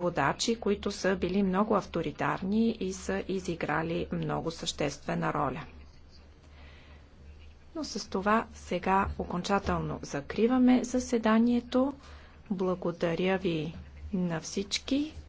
водачи, които са били много авторитарни и са изиграли много съществена роля. Но с това сега окончателно закриваме заседанието. Благодаря ви на всички.